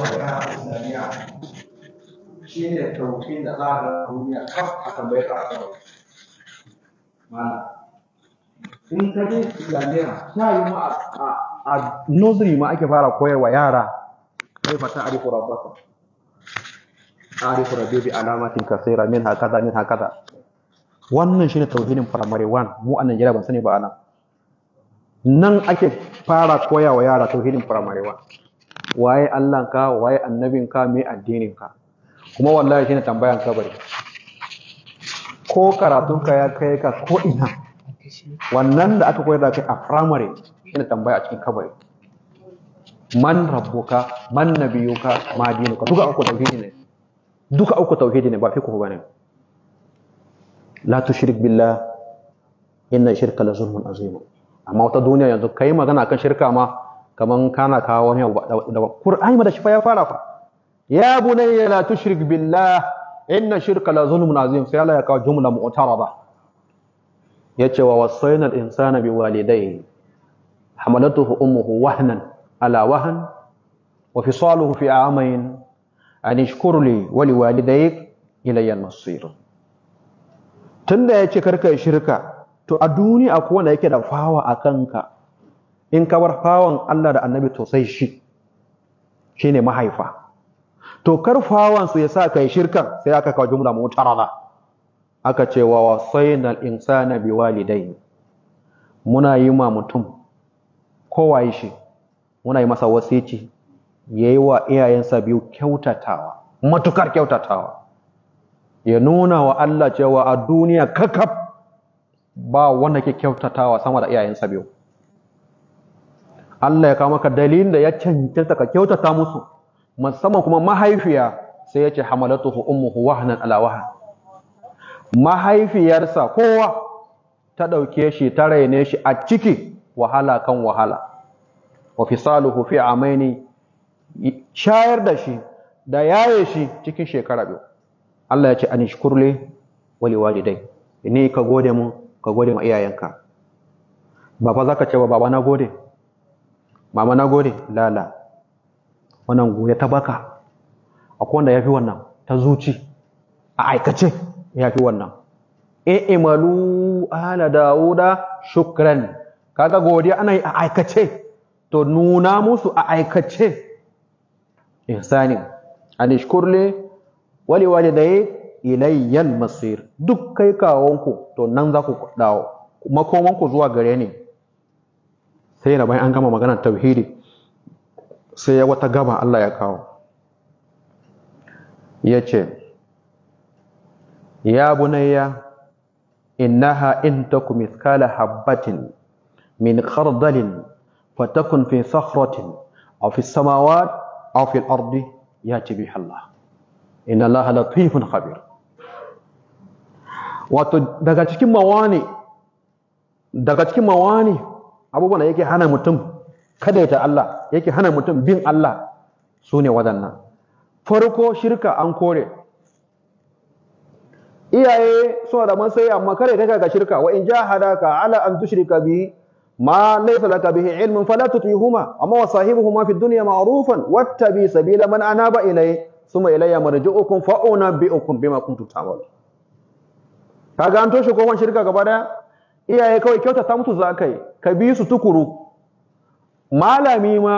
faɗa shi ne tauki da za a duniya kan a a mana in ka je islamiyya yi ma a ma ake fara koyarwa yara zai fata a a alamatin min hakaza min hakaza wannan shi ne tauhidin firamare 1 mu a Najeriya ban sani ba ana nan ake fara wa yara tauhidin firamare waye Allahnka waye annabinka me addininka kuma wallahi shine tambayan kabari ko karatunka ya kai ka ko ina wannan da aka koyar da kai a primary shine tambaya a cikin kabari man rabbuka man nabiyuka ma dinuka duka uku tauhidi ne duka uku tauhidi ne ba fi ku bane la tushrik billah inna shirka la zulmun azim amma wata duniya yanzu kai magana kan shirka ma kaman kana kawo wani abu daban qur'ani ma da shi fa ya fara fa ya bunayya la tushrik billah inna shirka la zulmun azim sai Allah ya kawo jumla mu'tarada yace wa wasayna al-insana bi walidayhi hamalatuhu ummuhu wahnan ala wahn wa fisaluhu fi amayn an ishkur li wa li walidayk ilayya al-masir tunda yace karka shirka to a duniya akwai wanda yake da fawa a kanka in ka bar fawon Allah da annabi to sai shi shine mahaifa to kar fawon su ya sa kai shirkan sai aka kawo jumla mutarada aka ce wa wasainal insana biwalidaini muna yi ma mutum waye shi muna yi masa wasici ya yi wa iyayensa biyu kyautatawa matukar kyautatawa ya nuna wa Allah cewa a duniya kakaf ba wanda ke kyautatawa sama da iyayensa biyu Allah ya kawo maka dalilin da ya cancanta ka kyautata musu musamman kuma mahaifiya sai yace ce hamalatuhu ummuhu wahnan ala mahaifiyarsa kowa ta ɗauke shi ta raine shi a ciki wahala kan wahala wa fisaluhu fi amaini shayar da shi da yaye shi cikin shekara biyu Allah ya ce an wali walidai ni ka gode mu ka gode ma iyayenka baba zaka ce ba baba na gode mama na gode lala wannan goya ta baka akwai wanda ya fi wannan ta zuci a aikace ya fi wannan e imalu e, ala dawuda shukran kaga godiya ana yi a aikace to nuna musu a aikace ihsani an da wali walidai ilayyal masir duk kai kawonku to nan za ku dawo makomanku zuwa gare ne. sai da bayan an gama maganar tauhidi sai ya wata gaba Allah ya kawo ya ce ya bunayya innaha in taku mithqala habbatin min kardalin fatakun fi sakhratin aw fi samawat a fi al-ardi yati biha Allah inna Allah latifun khabir wato daga cikin mawani daga cikin mawani abubuwan da yake hana mutum kadaita Allah yake hana mutum bin Allah su ne waɗannan farko shirka an kore iyaye suna da sai amma kare kai ga shirka wa in jahadaka ala an tushrika bi ma laysa laka bihi ilmun fala tutihuma amma wa sahibuhuma fi dunya ma'rufan wattabi sabila man anaba ilay thumma ilayya marji'ukum fa unabbi'ukum bima kuntum Ka kaga an toshe kofan shirka gaba daya iyaye kawai kyauta ta mutu za kai ka bi su tukuru malami ma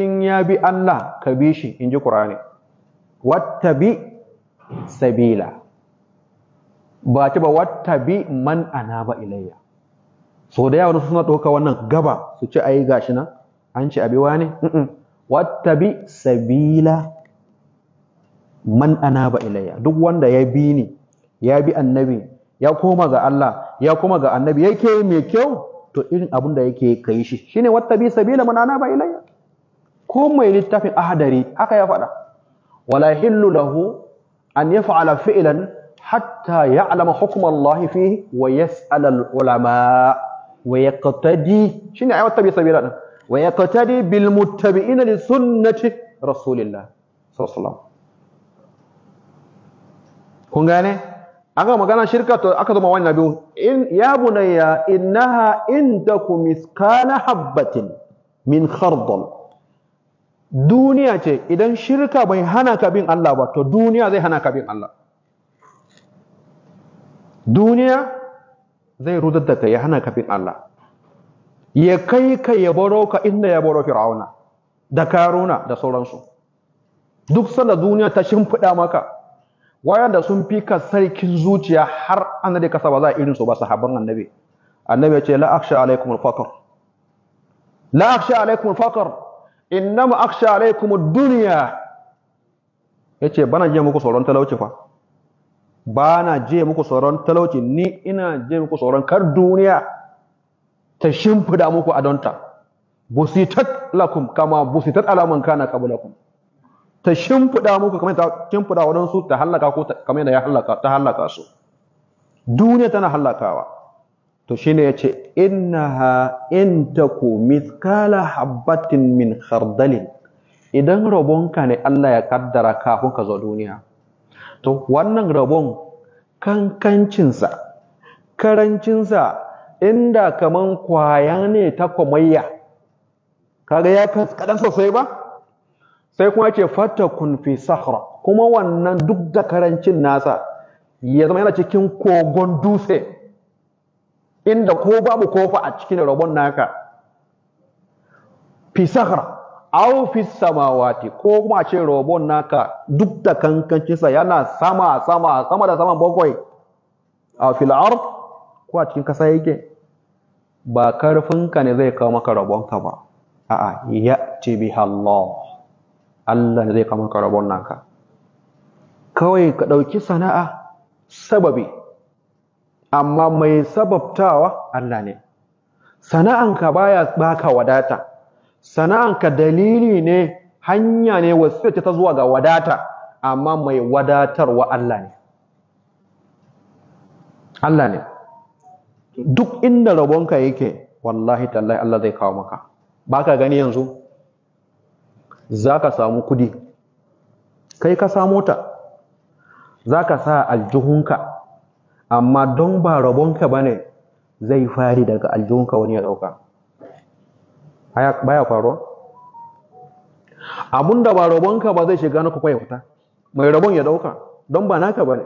in ya bi Allah ka bi shi in ji Qur'ani wattabi sabila ba ta ba wattabi man ba ilayya so da yawa suna ɗauka wannan gaba su ce ayi gashi nan an ce abewa ne wattabi sabila man ba ilayya duk wanda ya bi ni ya bi annabi ya koma ga Allah ya koma ga annabi yake mai kyau to irin abin da yake ka yi shi shine wattabi sabila man anaba ilayya ko mai littafin ahadari haka ya faɗa wala hillu lahu an yaf'ala fi'lan hatta ya'lama hukm Allah fi wa yas'ala al-ulama wa yaqtadi shine ayi wattabi sabila din wa yaqtadi bil muttabi'ina li sunnati rasulillah sallallahu alaihi wasallam kun gane aka magana shirka to aka zama wannan biyu in ya bunayya innaha ku miskana habbatin min khardal duniya ce idan shirka bai hana ka bin Allah ba to duniya zai hana ka bin Allah duniya zai rudar da kai ya hana ka bin Allah ya kai ka ya baro ka inda ya baro fir'auna da karuna da sauransu duk sanda duniya ta shimfiɗa maka wayanda sun fi ka sarkin zuciya har annabi kasa ba za a irin su ba sahabban annabi annabi ya ce la akhsha alaikum al-faqr la akhsha alaikum al-faqr innama akhsha alaikum ad-dunya yace bana je muku tsoron talauci fa bana je muku tsoron talauci ni ina je muku tsoron kar duniya ta shimfida muku adonta busitat lakum kama busitat alaman kana qablakum ta shimfiɗa muku kamar ta shimfiɗa waɗansu ta hallaka ko kamar ya hallaka ta hallaka su duniya tana hallakawa to shine ya ce innaha in taku mithqala habbatin min khardalin idan rabonka ne Allah ya kaddara kafin ka zo duniya to wannan rabon kankancinsa karancinsa inda kaman kwaya ne ta kwamayya kaga ya kaskaɗa sosai ba sai kuma ce fatakun fi sahra kuma wannan duk da karancin nasa ya zama yana cikin kogon dutse inda ko babu kofa a cikin rabon naka fi sahra aw fi samawati ko kuma a ce rabon naka duk da kankancinsa yana sama sama sama da saman bakwai a fil ard ko a cikin kasa yake ba karfinka ne zai kawo maka rabonka ba a'a ya ce Allah Allah ne zai kama ka rabon ka. kawai ka ɗauki sana'a sababi amma mai sababtawa Allah ne sana'anka baya baka wadata sana'anka dalili ne hanya ne wasita ta zuwa ga wadata amma mai wadatarwa Allah ne Allah ne duk inda rabonka yake wallahi tallahi Allah zai kawo maka baka gani yanzu za ka samu kudi kai ka samo ta za ka sa aljihunka amma don ba rabonka ba ne zai fari daga aljihunka wani ya ɗauka baya faruwa abun da ba rabonka ba zai shiga na kwakwai wata mai rabon ya ɗauka don ba naka ba ne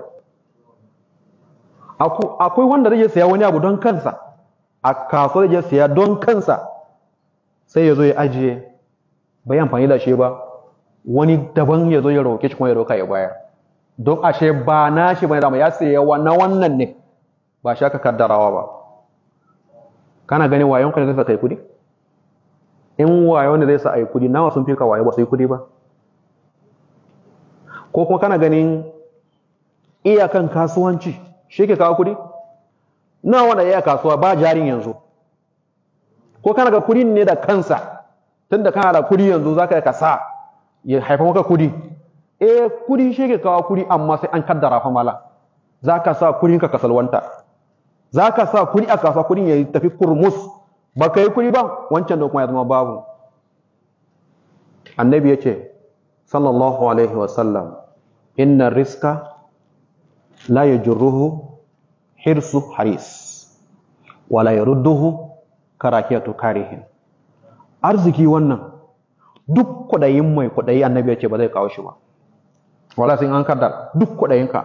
akwai wanda zai saya wani abu don kansa a kasuwar ya saya don kansa sai ya zo ya ajiye bai amfani da shi ba wani daban ya zo ya roƙe shi kuma ya roƙa ya bayar don ashe ba na shi bane dama ya saye na wannan ne ba shi aka kaddarawa ba kana ganin wayon ne zai kai kudi in wayon ne zai sa ai kudi nawa sun fi ka wayo ba su yi kudi ba ko kuma kana ganin iyakan kasuwanci shi ke kawo kudi nawa da iya kasuwa ba jarin yanzu ko kana ga kudin ne da kansa tunda kana da kudi yanzu zaka ka sa ya haifa maka kudi eh kudi shi ke kawo kudi amma sai an kaddara fa mala Za ka sa kudi ka kasalwanta ka sa kudi a kasa kudi ya tafi kurmus ba yi kudi ba wancan da kuma ya zama babu annabi ya ce sallallahu alaihi wasallam inna riska la yajruhu hirsu haris wala yarudduhu karakiyatu karihin arziki wannan duk kudayin mai kudayi annabi ya ce ba zai kawo shi ba wala sai an kaddara duk kudayinka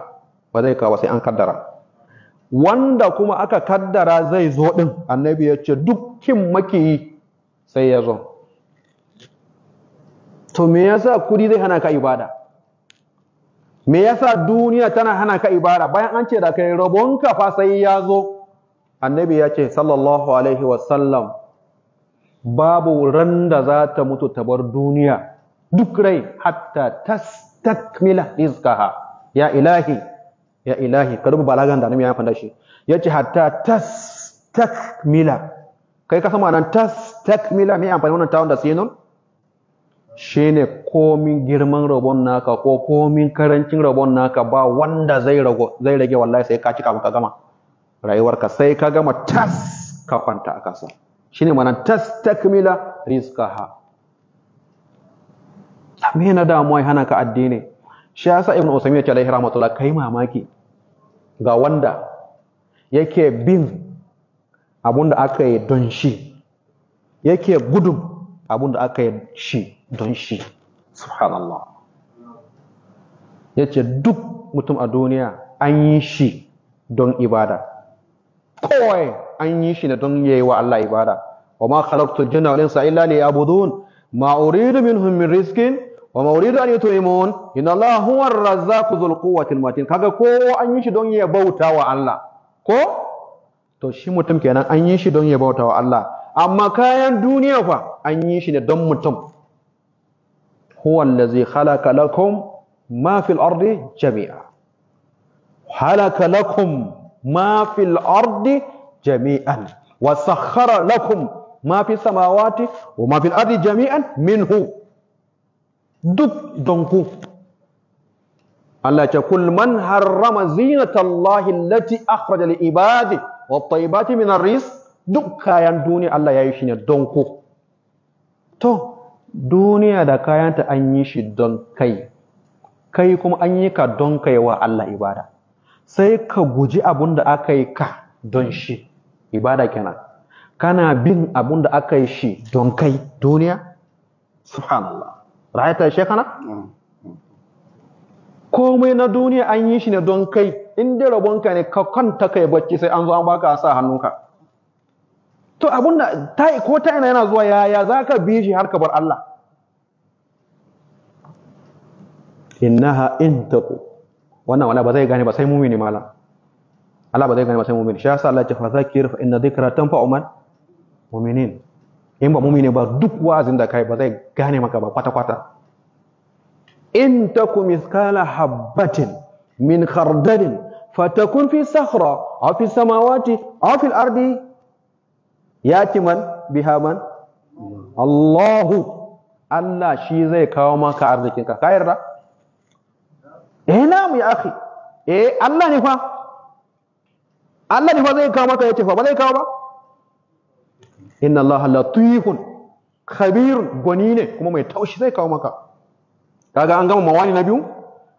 ba zai kawo sai an kaddara wanda kuma aka kaddara zai zo din annabi ya ce dukkin maki sai ya zo to me yasa kudi zai hana ka ibada me yasa duniya tana hana ka ibada bayan an ce da kai rabonka fa sai ya zo annabi ya ce sallallahu alaihi wasallam babu ran da za ta mutu ta bar duniya duk rai hatta tastakmila rizqaha ya ilahi ya ilahi ka rubu balagan da nan ya fanda shi yace hatta tastakmila kai ka san ma'anar tastakmila me amfani wannan tawon da Shi ne komin girman rabon naka ko komin karancin rabon naka ba wanda zai rage wallahi sai ka cika ka gama rayuwarka sai ka gama tas ka kwanta a kasa shine mana tastakmila ha me yana damuwa ya hana ka addini shi yasa ibnu usami ya ce alaihi rahmatullah kai mamaki ga wanda yake bin abunda aka yi don shi yake gudun abunda aka yi shi don shi subhanallah yace duk mutum a duniya an yi shi don ibada kowai an yi shi ne don yayi wa Allah ibada wa ma khalaqtu jinna wal insa illa liya'budun ma uridu minhum min rizqin wa ma uridu an yut'imun inna Allah huwa ar-razzaqu dhul quwwati matin kaga ko an yi shi don ya bauta wa Allah ko to shi mutum kenan an yi shi don ya bauta wa Allah amma kayan duniya fa an yi shi ne don mutum huwa allazi khalaqa lakum ma fil ardi jami'a halaka lakum ma fil ardi jami'an wa sakhara lakum ma fi samawati wa ma fil ardi jami'an minhu duk don ku Allah ce kul man harrama zinatallahi allati akhraja li ibadi wa tayyibati min ar-ris duk kayan duniya Allah ya yi shi ne don ku to duniya da kayanta an yi shi don kai kai kuma an yi ka don kai wa Allah ibada sai ka guji abin da aka yi ka don shi ibada kenan kana bin abun da aka yi shi don kai duniya subhanallah ra'ayta shekana mm. komai na duniya an yi shi ne don kai in rabonka ne ka kwanta kai bacci sai an zo an baka sa hannunka to abun da ta ko ta ina yana zuwa yaya za ka bi shi har ka bar Allah innaha in taku wannan wala ba zai gane ba sai mumini malam Allah ba zai gane ba sai mu'min shi yasa Allah ya ce fa zakir fa inna dhikra tanfa'u man mu'minin in ba mu'mini ba duk wa'azin da kai ba zai gane maka ba kwata kwata in taku mithqala habatin min khardalin fatakun fi sakhra aw fi samawati aw fil ardi yati man biha man Allahu Allah shi zai kawo maka arzikinka ka yarda eh na mu ya akhi eh Allah ne fa Allah ne fa zai kawo maka ce fa ba zai kawo ba inna Allah latifun khabirun gwani ne kuma mai taushi zai kawo maka kaga an gama mawani na biyu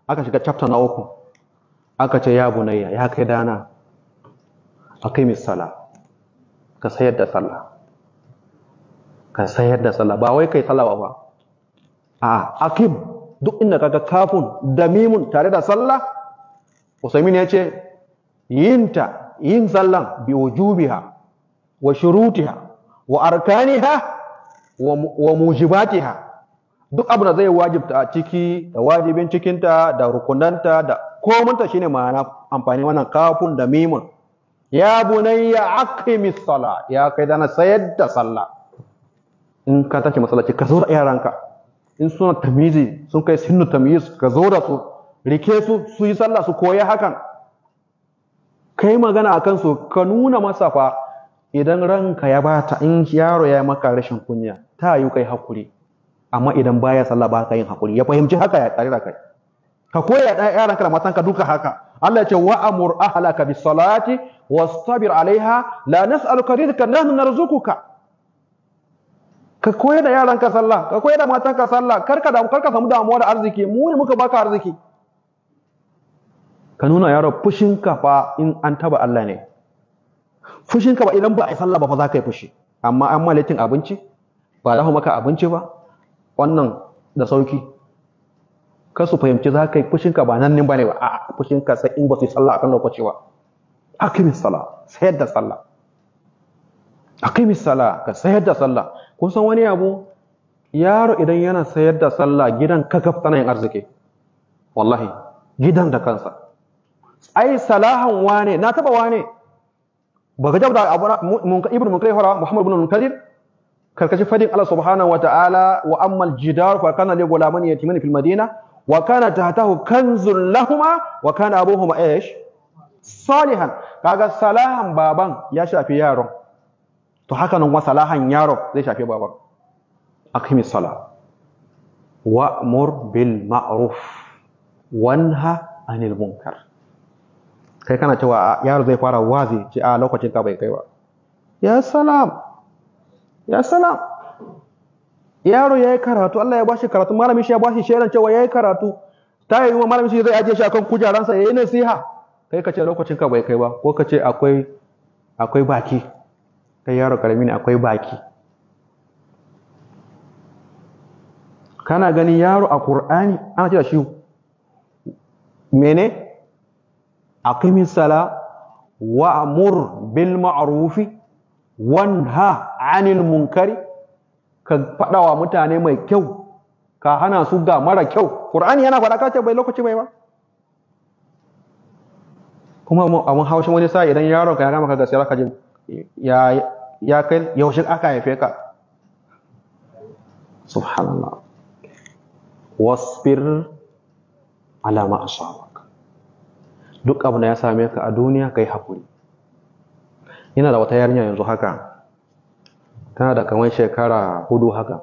aka shiga chapter na uku aka ce ya bunayya ya kai dana akai misala ka sayar da sallah ka sayar da sallah ba wai kai sallah ba a akim duk inda kaga kafun da mimun tare da sallah usaimin ya ce yinta yin sallan bi wujubiha wa shurutiha wa arkaniha wa mujibatiha duk abu da zai wajibta a ciki da wajibin cikinta da rukunanta da komanta shine ma'ana amfani wannan kafun da mimun ya bunayya aqimis sala ya kai dana sayar da sallah in ka tashi masallaci ka zo da yaranka in suna tamizi sun kai sinu tamyiz ka zo da su rike su su yi sallah su koyi hakan kai magana a kansu ka nuna masa fa idan ranka ya bata in yaro ya yi maka rashin kunya ta yi kai hakuri amma idan baya sallah ba ka yin hakuri ya fahimci haka ya tare da kai ka koya da yaranka da matanka duka haka Allah ya ce wa amur ahlaka bis salati wastabir alaiha la nas'aluka rizqan nahnu narzuquka ka koya da yaran ka sallah ka koyar da matanka sallah karka da karka samu damuwa da arziki mu ne muka baka arziki ka nuna yaro fushinka fa in an taba Allah ne fushinka ba idan ba a sallah ba fa za ka yi fushi amma an malitin abinci ba za maka abinci ba wannan da sauki ka su fahimci za ka yi fushinka ba nan ne ba ne ba a'a fushinka sai in ba su yi sallah akan lokaci ba akimin sallah sayar da sallah akimin sallah ka sayar da sallah kun san wani abu yaro idan yana sayar da sallah gidan kakaf tana yin arziki wallahi gidan da kansa ai salahan wane na taba wane ba ga jabda ibnu munkadir fara muhammad ibn munkadir karkashin fadin Allah subhanahu wataala wa ammal jidar fa kana li gulaman yatimin fil madina wa kana tahtahu lahuma wa kana abuhuma aish salihan kaga salahan baban ya shafi yaron to haka nan wa salahan yaron zai shafi baban aqimis sala wa'mur bil ma'ruf wanha anil munkar kai kana cewa yaro zai fara wazi ce a lokacin ka bai kai ba ya salam ya salam yaro ya yi karatu Allah ya bashi karatu malami shi ya bashi shaidan cewa ya yi karatu ta yi wa malami shi zai ajiye shi akan kujeransa ya yi nasiha kai ka ce lokacin ka bai kai ba ko ka ce akwai akwai baki kai yaro karami ne akwai baki kana ganin yaro a Qur'ani ana cewa shi mene aqimi sala wa'mur bil ma'rufi wanha 'anil munkari ka faɗa wa mutane mai kyau ka hana su ga mara kyau qur'ani yana faɗa kace bai lokaci bai ba kuma abun haushin wani sa idan yaron ka ya gama ka gaskiya ka ji ya ya kai yaushe aka haife ka subhanallah wasbir ala ma duk abu da ya same ka a duniya kai hakuri yana da wata yarinya yanzu haka tana da kamar shekara hudu haka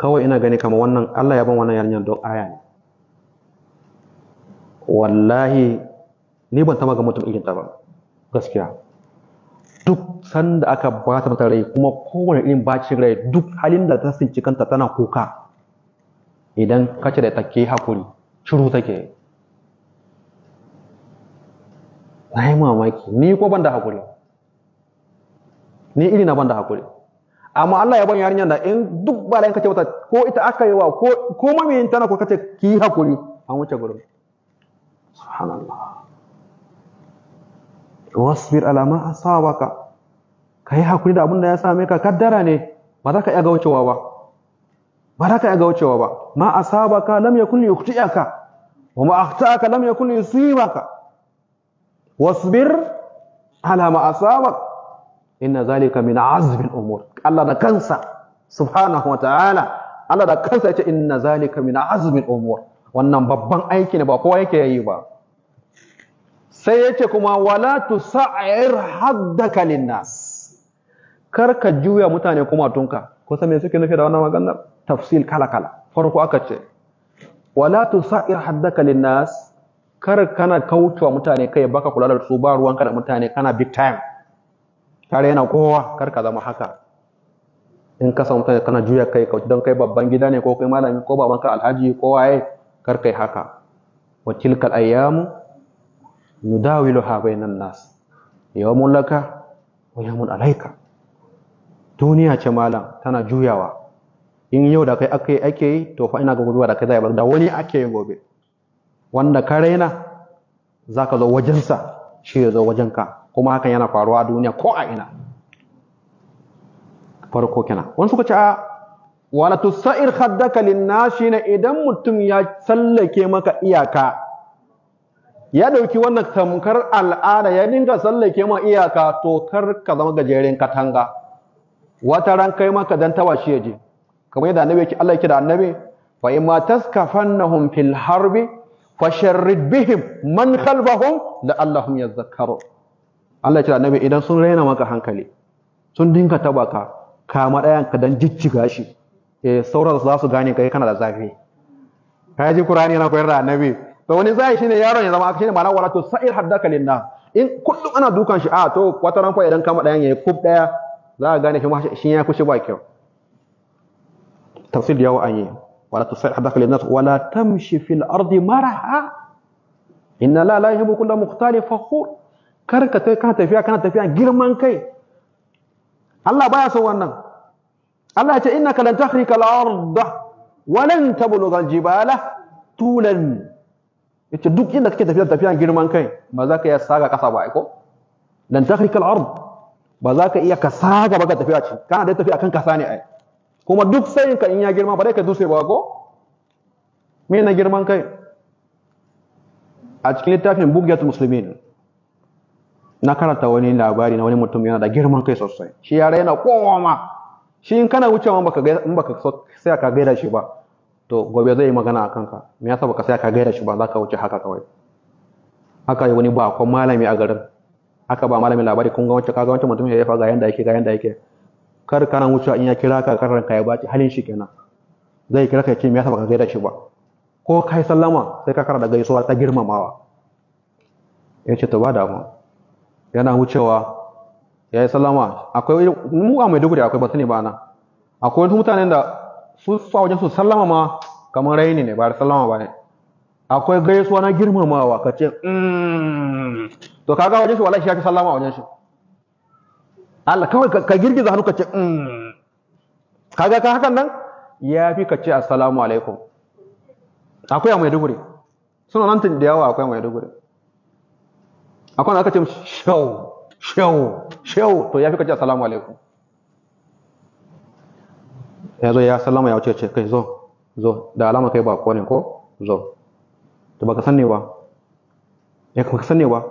kawai ina gani kama wannan Allah ya ban wannan yarinyar don aya ne wallahi ni ban taba ga mutum irin ba gaskiya duk sanda aka ba ta mata rai kuma kowane irin bacin rai duk halin da ta sinci kanta tana kuka idan kace da take hakuri shiru take na yi mamaki ni ko ban da hakuri ni iri na ban da hakuri amma Allah ya ban yarinyar da in duk balayin kace mata ko ita aka yi wa ko ko mamiyin tana ko kace ki hakuri an wuce gurin subhanallah wasbir ala ma asabaka kai hakuri da abin da ya same ka kaddara ne ba za ka iya gaucewa ba ba za ka iya gaucewa ba ma asabaka lam yakun yukhti'aka wa ma akhta'aka lam yakun yusibaka wasbir ala ma asabak inna zalika min azmin umur Allah da kansa subhanahu wa ta'ala Allah da kansa yace inna zalika min azmin umur wannan babban aiki ne ba kowa yake yayi ba sai yace kuma wala tusa'ir haddaka linnas kar ka juya mutane kuma tunka ko san me suke nufi da wannan maganar tafsil kala kala farko aka ce wala tusa'ir haddaka linnas kar kana kaucewa mutane kai baka kula da su ba ruwanka da mutane kana big time kare yana kowa kar ka zama haka in ka samu mutane kana juya kai kauce don kai babban gida ne ko kai malami ko baban ka alhaji ko waye kar kai haka wa tilkal ayyamu yudawiluha bainan nas yawmun laka wa yawmun alayka duniya ce malam tana juyawa in yau da kai ake yi to fa ina ga gobe da kai zai bar da wani ake yi gobe wanda ka raina za ka zo wajensa shi ya zo wajenka kuma hakan yana faruwa a duniya ko a ina farko kina wani suka ce a wala tusair khaddaka linnashi na idan mutum ya tsallake maka iyaka ya dauki wannan tamkar al'ada ya dinga tsallake maka iyaka to kar ka zama gajeren katanga wata ran kai maka dan tawa shi je kamar yadda annabi Allah yake da annabi fa imma taskafannahum fil harbi fasharrid bihim man khalfahum la'allahum yadhakkarun Allah ya ce annabi idan sun raina maka hankali sun dinka taba ka kama ɗayan ka dan jijjiga shi eh sauran za su gane kai kana da zafi kai ji Qur'ani yana koyar da annabi to wani zai shine yaron ya zama shine ma'ana wala to sa'ir haddaka linna in kullum ana dukan shi a to wata ran idan kama ɗayan yayi kub ɗaya za ka gane shi ya kushe ba kyau tafsir da yawa an yi ولا تصعح بك للناس ولا تمشي في الأرض مرحا إن لا لا يحب كل مختال فخور karka ta kana tafiya kana girman kai Allah baya son wannan Allah ya ce innaka lan tahrika al-ardh wa lan yace duk inda kake tafiya tafiya girman kai ba za ka iya saga kasa ba ko lan tahrika al-ard ba za ka iya ka saga ba ka tafiya ci kana da tafiya kan kasa ne ai kuma duk sayin ka in ya girma ba dai ka dutse ba ko me na girman kai a cikin littafin bugiyat muslimin na karanta wani labari na wani mutum yana da girman kai sosai shi ya yana kowa shi in kana wucewa baka in baka sai ka gaida shi ba to gobe zai yi magana a kanka me yasa baka sai ka gaida shi ba za ka wuce haka kawai haka yi wani ba bakon malami a garin haka ba malami labari kun ga wancan kaga wancan mutum ya yafa ga yanda yake ga yanda yake kar kana wucewa in ya kira ka karan ka ya baci halin shi kenan zai kira ka ce me yasa baka gaida shi ba ko kai sallama sai ka kara da gaisuwa ta girmamawa ya ce to ba damu yana wucewa ya yi sallama akwai mu a Maiduguri akwai ba sani ba na akwai wani mutanen da su sa wajen su sallama ma kamar raini ne ba da sallama ba ne akwai gaisuwa na girmamawa ka ce mm. to kaga wajen shi wallahi shi ya ci sallama wajen shi Allah kawai ka girgiza hannu ka ce mm. kaga ka hakan nan ya fi ka ce assalamu alaikum akwai a maiduguri suna nan da yawa akwai a maiduguri akwai na aka ce shau shau shau to ya fi ka ce assalamu alaikum ya zo ya salama ya wuce ce kai zo zo da alama kai ba ko ne ko zo to baka san ne ba ya kuma san ne ba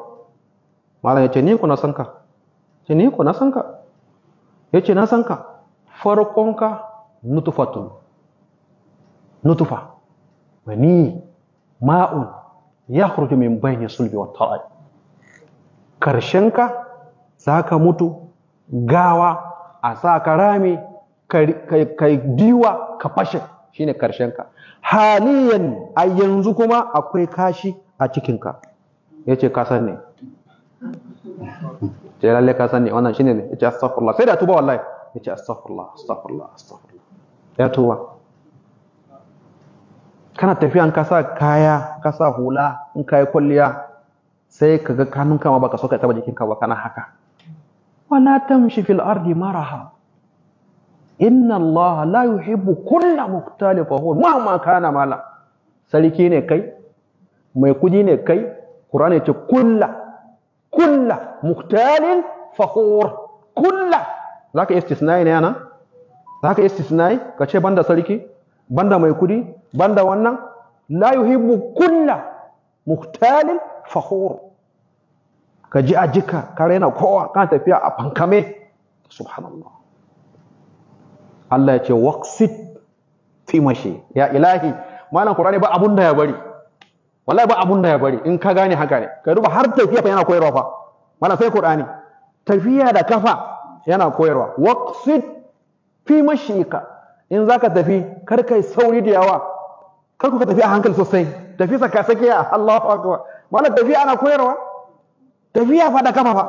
malam ya ce ni kuna san ka ce ne ko na san ka ya ce na san ka farkonka nutufa wani ma'un ya hurju min bayan sulbi wa ta'ad karshenka za ka mutu gawa a sa ka rame ka biwa ka fashe shine karshenka haliyan a yanzu kuma akwai kashi a cikinka ya ce kasan ne ce lalle ka sani wannan oh, shine ne yace astaghfirullah sai da tuba wallahi yace astaghfirullah astaghfirullah astaghfirullah ya tuba kana tafiya in ka sa kaya ka sa hula in ka kulliya sai ka ga kanun kama baka so ka taba jikinka ba kana haka wala tamshi fil ardi maraha inna allaha la yuhibbu kulla muqtalin fakhur ma ma kana mala sarki ne kai mai kudi ne kai qur'ani ce kulla kulla muhtalin fakhur kulla zaka istisnai ne yana zaka istisnai ka ce banda sarki banda maikudi, kudi banda wannan la yuhibbu kulla muhtalin fakhur ka ji a jika ka raina kowa kana tafiya a fankame subhanallah Allah ya ce waqsid fi mashi ya ilahi malam qur'ani ba abun da ya bari wallahi ba abun da ya bari in ka gane haka ne ka duba har tafiya fa yana koyarwa fa mana sai qur'ani tafiya da kafa yana koyarwa waqsid fi mashika in zaka tafi kar kai sauri da yawa kar ku ka tafi a hankali sosai tafi saka ya Allahu akbar mana tafiya ana koyarwa tafiya fa da kafa fa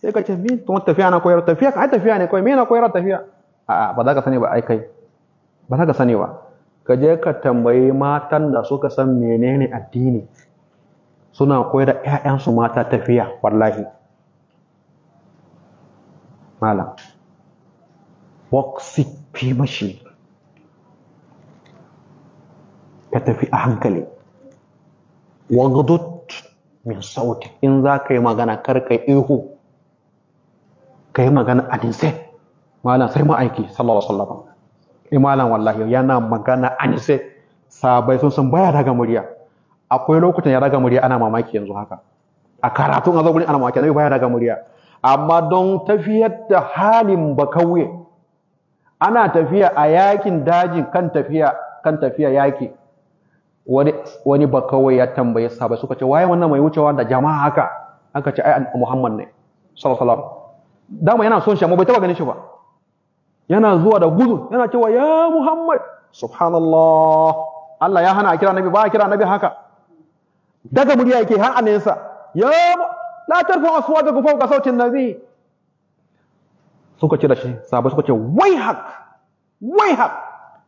sai ka ce min to tafiya na koyarwa tafiya ka tafiya ne kawai me na koyarwa tafiya a'a ba za ka sani ba ai kai ba za ka sani ba ka je ka tambayi matan da suka san menene addini suna koyar da 'ya'yansu mata tafiya wallahi malam waksi fi mashi ka tafi a hankali wagdut min sauti in za ka yi magana kar ka ihu ka yi magana a malam sai ma'aiki sallallahu alaihi wasallam imalan eh, wallahi yana magana an sai sabai sun san baya daga murya akwai lokutan ya daga murya ana mamaki yanzu haka a karatun a zagurin ana mamaki annabi baya daga murya amma don tafiyar da halin bakauye ana tafiya a yakin dajin kan tafiya kan tafiya yaki wani wani bakauye ya tambaye sabai suka ce waye wannan mai wucewa da jama'a haka aka ce ai Muhammad ne sallallahu alaihi wasallam dama yana son shi amma bai taba ganin shi ba yana zuwa da gudu yana cewa ya Muhammad subhanallah Allah ya hana a kira nabi ba a kira nabi haka daga murya yake har a nesa ya la tarfu aswatakum fawqa sautin nabi suka ce da shi sahabbai suka ce wai hak wai hak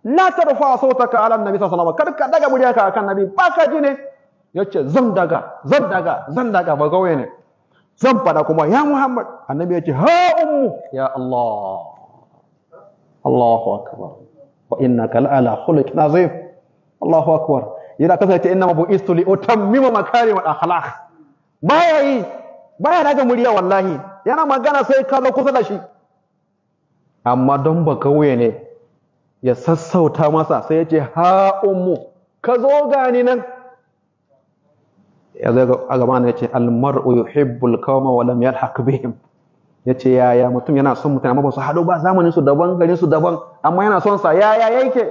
la tarfa sautaka ala nabi sallallahu alaihi wasallam kar ka daga murya ka akan nabi ba ka ji ne yace zan daga zan daga zan daga ba gauye ne zan fada kuma ya Muhammad annabi yace ha ummu ya Allah Allahu akbar wa innaka la'ala khuluq nazim Allahu akbar yana kasance inna ma bu'istu li utammima makarim al akhlaq baya yi baya daga murya wallahi yana magana sai ka zo kusa da shi amma don ba kauye ne ya sassauta masa sai ya ce ha ummu ka zo gani nan ya zai ga gaba ne ya ce almar'u yuhibbul qawma wa lam yalhaq bihim ya ce yaya mutum yana son mutane amma ba su haɗo ba zamanin su daban garinsu su daban amma yana son sa yaya yake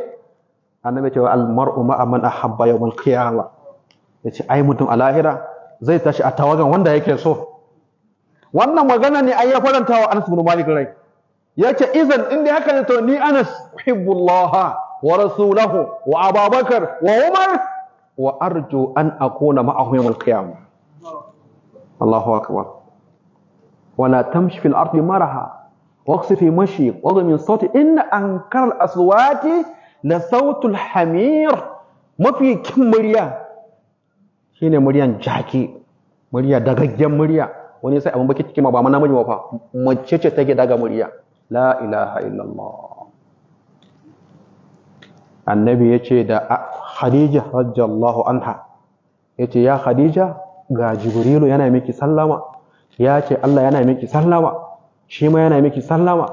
annabi ya ce al mar'u ma'a man ahabba yawmal qiyamah ya ce ai mutum a lahira zai tashi a tawagan wanda yake so wannan magana ne ai ya faranta wa Anas bin Malik rai ya ce izan in dai haka ne to ni Anas uhibbullah wa rasulahu wa Abubakar wa Umar wa arju an akuna ma'ahum yawmal qiyamah Allahu akbar Wana tamshi fil ardi maraha waqsi fi mashi waghmi min sauti in ankara al aswati la sautul hamir mafi kin murya shine muryan jaki murya dagaggen murya wani sai abin baki cikin ma ba mana miji ba fa mace ce take daga murya la ilaha illallah annabi ya ce da khadija radiyallahu anha ya ce ya khadija ga jibrilu yana miki sallama ya ce Allah yana miki sallama shi ma yana miki sallama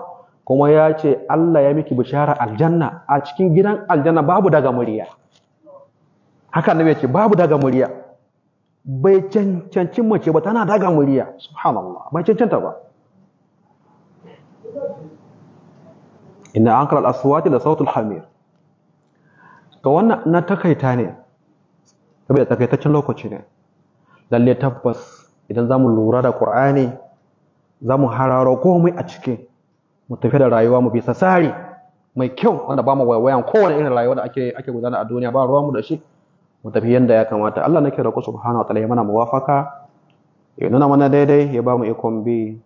kuma ya ce Allah ya miki bishara aljanna a cikin gidan aljanna babu daga murya haka ne ce babu daga murya bai cancancin mace ba tana daga murya subhanallah bai cancanta ba inna ankara al-aswati da sautul hamir to wannan na takaita ne saboda takaitaccen lokaci ne lalle tabbas idan za mu lura da ƙur'ani za mu hararo komai a cikin, mu tafi da rayuwa mu bisa tsari mai kyau wanda ba mu wayawayan kowane irin rayuwa da ake ake gudana a duniya ba ruwan mu da shi mu tafi yanda ya kamata Allah nake roƙo subhanahu wataala ya mana muwafaka ya nuna mana daidai ya ba mu ikon bi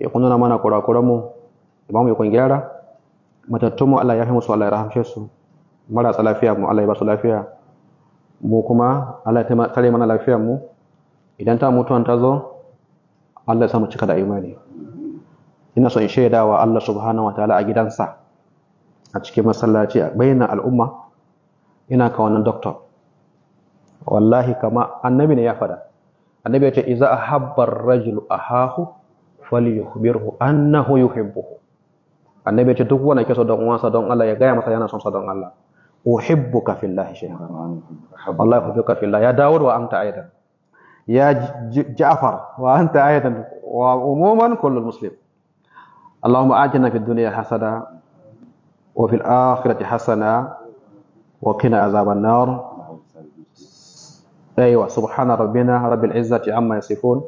ya kuma nuna mana kurakuran mu ya ba mu ikon gyara matattun mu Allah ya fi su, Allah ya rahamshe su marasa lafiya mu Allah ya ba su lafiya mu kuma Allah ya tare mana lafiyar mu idan ta mutuwan ta zo Allah ya samu cika da imani ina so son shaidawa Allah subhanahu ta'ala a gidansa a cikin masallaci a bayyana al'umma ina ka wannan doctor wallahi kama annabi ne ya fada annabi ya ce idza ahabba ar-rajulu ahahu falyukhbirhu annahu yuhibbuhu annabi ya ce duk wanda ke so don uwansa don Allah ya gaya masa yana son sa don Allah uhibbuka fillahi shay'an wallahi uhibbuka fillahi ya dawo wa anta aidan يا جعفر وأنت أيضا وعموما كل المسلم اللهم آتنا في الدنيا حسنة وفي الآخرة حسنة وقنا عذاب النار أيوة سبحان ربنا رب العزة عما يصفون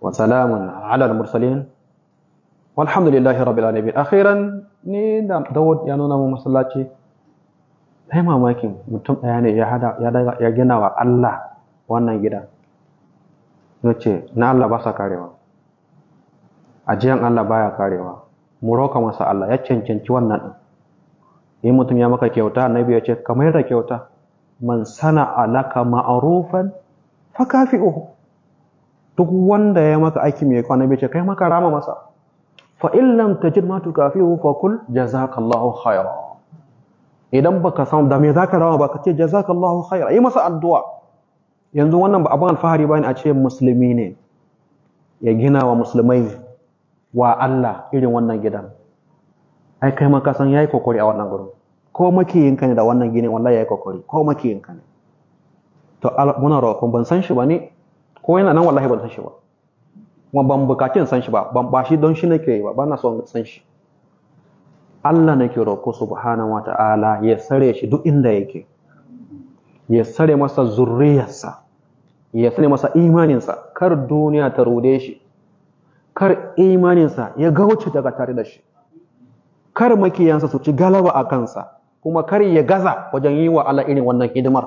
وسلام على المرسلين والحمد لله رب العالمين أخيرا ni داود ya nuna mu ماكين sai يعني يا هذا يا ya gina wa Allah wannan ya ce na Allah ba sa karewa ajiyan Allah baya karewa mu roƙa masa Allah ya cancanci wannan in mutum ya maka kyauta annabi ya ce kamar da kyauta man sana alaka ma'arufan fa kafi'uhu duk wanda ya maka aiki mai kyau bai ce kai maka rama masa fa in lam tajid ma tukafihu fa kul jazakallahu khaira idan baka samu da me zaka rawa ka ce jazakallahu khaira yi masa addu'a yanzu wannan ba abin alfahari ba ne a ce musulmi ne ya gina wa musulmai wa Allah irin wannan gidan ai kai maka san yayi kokari a wannan gurin ko makiyin ka ne da wannan gini wallahi yayi kokari ko makiyin ka ne to muna roƙon ban san shi ba ne ko yana nan wallahi ban san shi ba kuma ban bukacin san shi ba ban ba shi don shi nake yi ba ba na son san shi Allah nake roƙo subhanahu wata'ala ya sare shi duk inda yake ya sare masa zurriyarsa ya sare masa imaninsa kar duniya ta rude shi kar imaninsa ya gauce daga tare da shi kar makiyansa su ci galaba a kansa kuma kar ya gaza wajen yi wa Allah irin wannan hidimar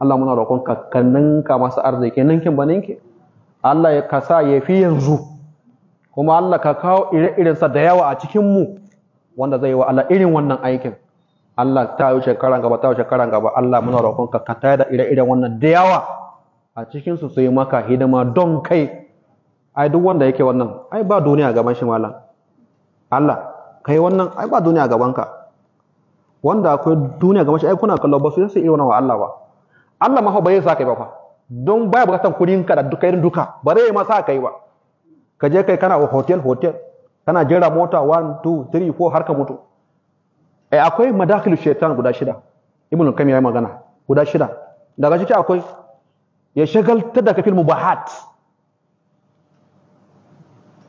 Allah muna roƙon ka ka ninka masa arziki ninkin ba ninki Allah ya kasa ya fi yanzu kuma Allah ka kawo ire-irensa da yawa a cikin mu wanda zai yi wa Allah irin wannan aikin Allah ta yi shekaran gaba ta yi shekaran gaba Allah muna roƙon ka tayar da ire-iren wannan da yawa a cikin su su yi maka hidima don kai ai duk wanda yake wannan ai ba duniya gaban shi malam Allah kai wannan ai ba duniya gaban ka wanda akwai duniya gaban shi ai kuna kallo ba su sai irin wa Allah ba Allah ma ba zai sa kai ba fa don baya bukatan kudin ka da duka irin duka ba zai ma sa kai ba ka je kai kana hotel hotel kana jira mota 1 2 3 4 har ka mutu Eh, akwai madakilu shaitan guda shida ibn Kam ya yi magana guda shida daga ciki akwai ya shagaltar da kafil mubahat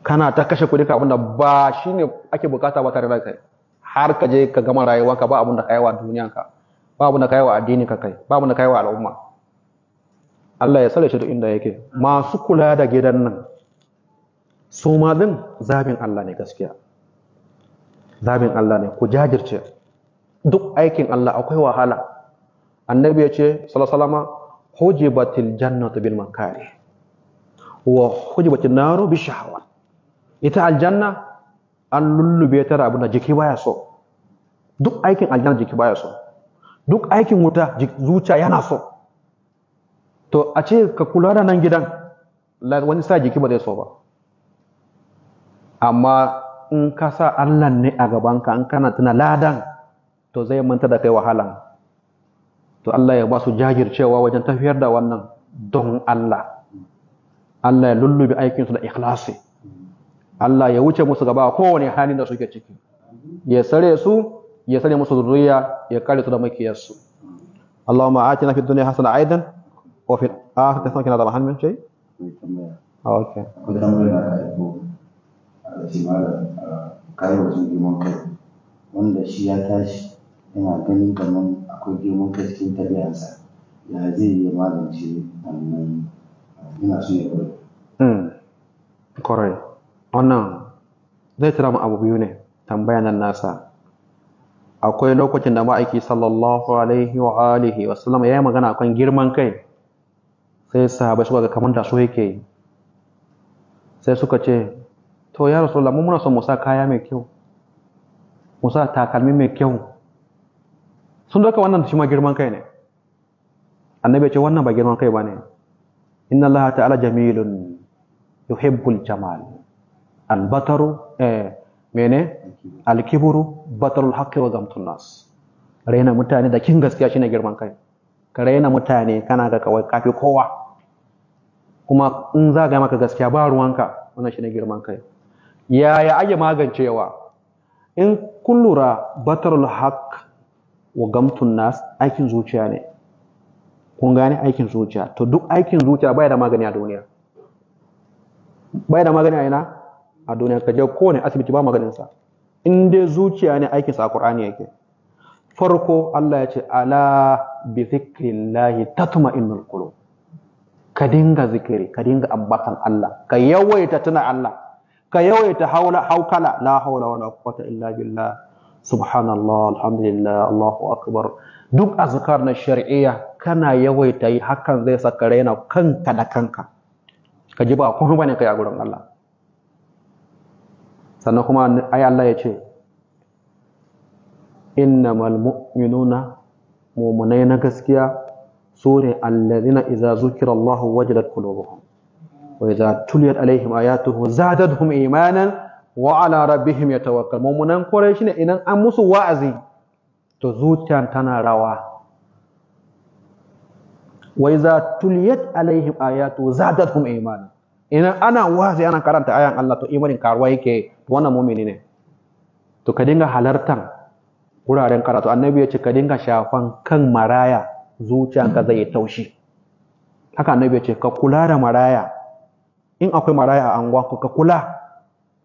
kana ta kashe kuɗi ka abinda ba shine ake bukata ba tare da kai har ka je ka gama rayuwa ka ba abinda da wa duniya ka ba abinda da wa addini ka kai ba abinda kai al'umma Allah ya tsara shi duk inda yake masu kula da gidan nan su ma din zabin Allah ne gaskiya zaɓin Allah ne ku jajirce duk aikin Allah akwai wahala annabi ya ce salasalama hujibatil jannatu bil makari wa hujibatil naru bi shahawa ita aljanna an lullube ta rabu da jiki baya so duk aikin aljanna jiki baya so duk aikin wuta zuciya yana so to a ce ka kula da nan gidan wani sa jiki ba zai so ba amma in ka sa Allah ne a gabanka in kana tana ladan to zai manta da kai wahalan to Allah ya ba su jajircewa wajen tafiyar da wannan don Allah Allah ya lullubi aikinsu da ikhlasi Allah ya wuce musu gaba kowane halin da suke ciki ya sare su ya sare musu zurriya ya kare su da su Allahumma atina fid dunya hasana aidan wa fil akhirati hasana da shay ah, okay da shi malam kayan wajen girman kai wanda shi ya tashi yana ganin kamar akwai girman kai cikin tabi'ansa ya zai iya magance wannan ina so ya bari. Hmm, kwarai, wannan zai tura mu abu biyu ne tambaya nan nasa. Akwai lokacin da ma'aiki sallallahu alaihi wa alihi wa sallam ya yi magana akan girman kai sai sahabai suka ga kamar da su yake yi. Sai suka ce to ya rasu mu muna so mu kaya mai kyau musa sa takalmi mai kyau sun doka wannan shi ma girman kai ne annabi ce wannan ba girman kai ba ne inna allaha ta'ala jamilun yuhibbul jamal al bataru eh mene al kibru batarul haqqi wa gamtun nas raina mutane da kin gaskiya shine girman kai ka raina mutane kana ga kawai kafi kowa kuma in za ga maka gaskiya ba ruwanka wannan shine girman kai yaya ake magancewa in kun lura batarul haq wa gamtun nas aikin zuciya ne kun gane aikin zuciya to duk aikin zuciya bai da magani a duniya bai da magani a ina a duniya ka je kowane asibiti ba maganin sa in dai zuciya ne aikin sa qur'ani yake farko Allah ya ce ala bi zikrillahi tatma'innul qulub ka dinga zikiri ka dinga ambatan Allah ka yawaita tuna Allah ka yawaita haula haukala la haula wala quwwata illa billah subhanallah alhamdulillah allahu akbar duk azkar na shari'iyya kana yawaita yi hakan zai saka raina kanka da kanka ka ji ba komai bane kai a gurin Allah sannan kuma ai Allah ya ce innamal mu'minuna mu'minai na gaskiya ne allazina idza zukira Allah wajadat qulubuhum وإذا تليت عليهم آياته زادتهم إيمانا وعلى ربهم يتوكلون مؤمنان قريش إن أن musu wa'azi to zuciyan tana rawa wa iza tuliyat alaihim ayatu zadatuhum imana idan ana wa'azi ana karanta ayan Allah to imanin karuwa yake wannan mu'mini ne to ka dinga halartan wuraren karatu annabi ya ce ka dinga shafan kan maraya zuciyanka zai taushi haka annabi ce ka kula da maraya in akwai maraya a anguwa ka kula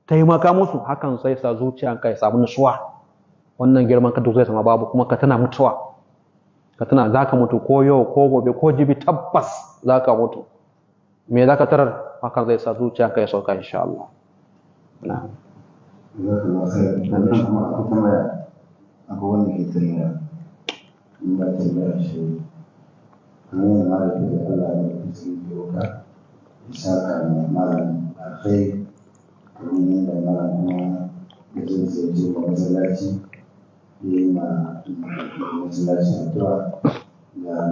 taimaka musu hakan sai sa zuciyanka ya samu nutsuwa wannan girman ka zai sama babu kuma ka tana mutuwa ka tana za ka mutu ko yau ko gobe ko jibi tabbas za ka mutu me za ka tarar hakan zai sa zuciyanka ya sauka insha Allah na akwai wanda ke in ba shi ne da Allah ya yi saka ma malam alkhair domin yadda malam kuma da zai ziyarci ga masallaci ya yi ma masallaci addu'a da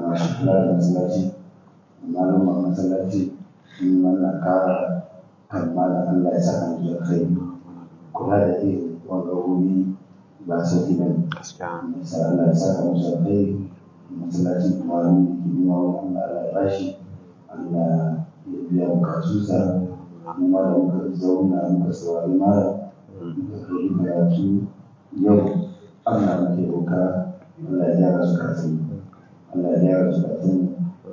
masu kula kara kan malam Allah ya saka mu alkhair kula da irin wangarori ba sauki ba ne. Gaskiya. Allah ya saka mu alkhair masallacin kuma wani ya ya biya sa kuma da muka zauna muka saurari mara muka kai karatu yau Allah muke roka Allah ya gyara zukatun Allah ya gyara zukatun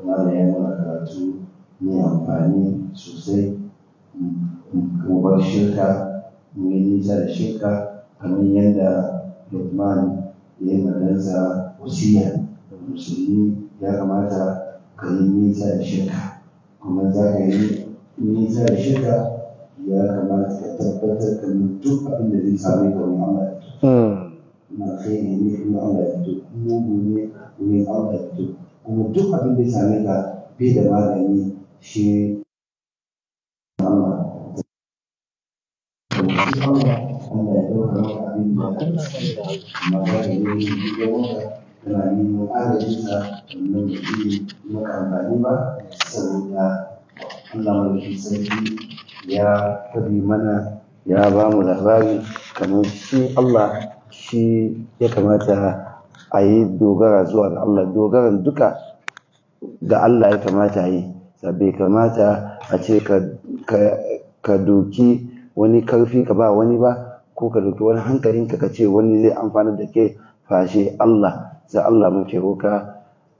mara ya nuna karatu mai amfani sosai kuma bar shirka mu yi nisa da shirka kamar yadda Lukman ya yi maganarsa wasiya musulmi ya kamata ka yi nisa da shirka kuma za ka yi nisa a shirka ya kamata ka tabbatar da duk abin da zai same ka wani Allah hmm. na kai ne ne kuma Allah ya fito ne ya fito kuma duk abin da ya same ka bai da magani shi ya maka abin da magani ne tana nemo agajinsa wannan da zai maka amfani ba saboda Allah mulkin sarki ya tabi mana ya ba mu labari kamar shi Allah shi ya kamata a yi dogara zuwa ga Allah dogaran duka ga Allah ya kamata yi bai kamata a ce ka doki wani karfi ka ba wani ba ko ka doki wani hankalinka ka ce wani zai amfana da ke fashe Allah za Allah muke kuka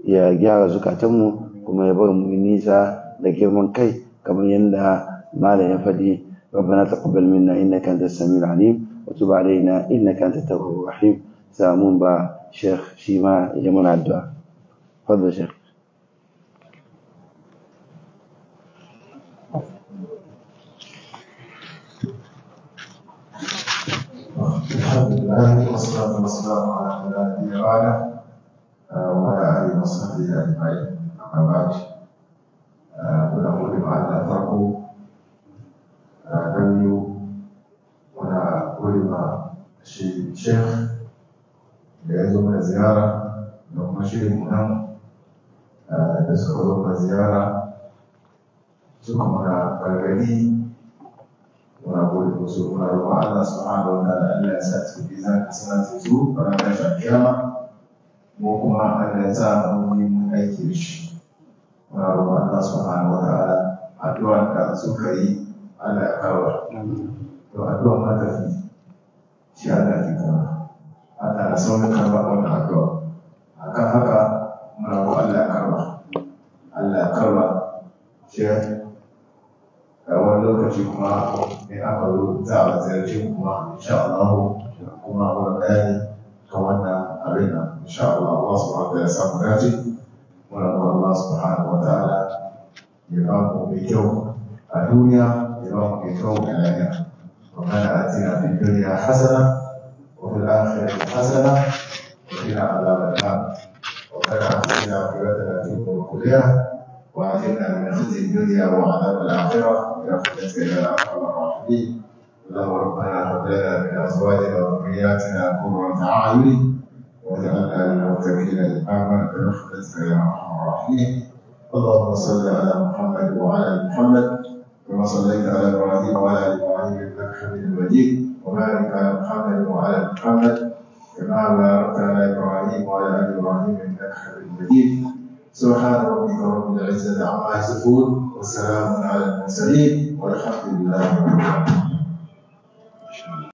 ya gyara zukatunmu kuma ya bar mu nisa da girman kai kamar yadda malam ya faɗi na, taqabbal minna kan ta samiul alim wa tub alaina kan ta tawwabur rahim sai mun ba shi ma ya mun addu'a fadda sheikh sai da bai a baci muna gode ma Allah farko na biyu muna gode ma shi shekh da ya zo mana ziyara da kuma shirin da suka mana ziyara suka mana gargadi muna gode musu muna roƙon Allah subhanahu wa ta'ala Allah ya sa mu kuma Allah ya sa mu yi aiki da shi muna roƙon Allah subhanahu wa ta'ala addu'a da suka yi Allah kawo to addu'a ma ta fi shi Allah ya kawo Allah ya saurin karɓa wannan addu'a akan haka muna roƙon Allah ya karɓa Allah shi a wani lokaci kuma ne aka zo za a ziyarci kuma insha Allah سبحانه وتعالى ta'ala ya الدنيا mu mai kyau ربنا آتنا في الدنيا حسنة وفي الآخرة حسنة وقنا عذاب النار ربنا آتنا عاقبتنا في الأمور كلها وآتنا من خزي الدنيا وعذاب الآخرة برحمتك يا أرحم الراحمين اللهم ربنا هب لنا من أزواجنا وذرياتنا قرة أعين واجعلنا للمتقين إماما برحمتك يا أرحم الراحمين اللهم صل على محمد وعلى ال محمد كما صليت على ابراهيم وعلى ال ابراهيم انك حميد مجيد وبارك على محمد وعلى ال محمد كما باركت على ابراهيم وعلى ال ابراهيم انك حميد مجيد سبحان ربك رب العزه عما يصفون والسلام على المرسلين والحمد لله رب العالمين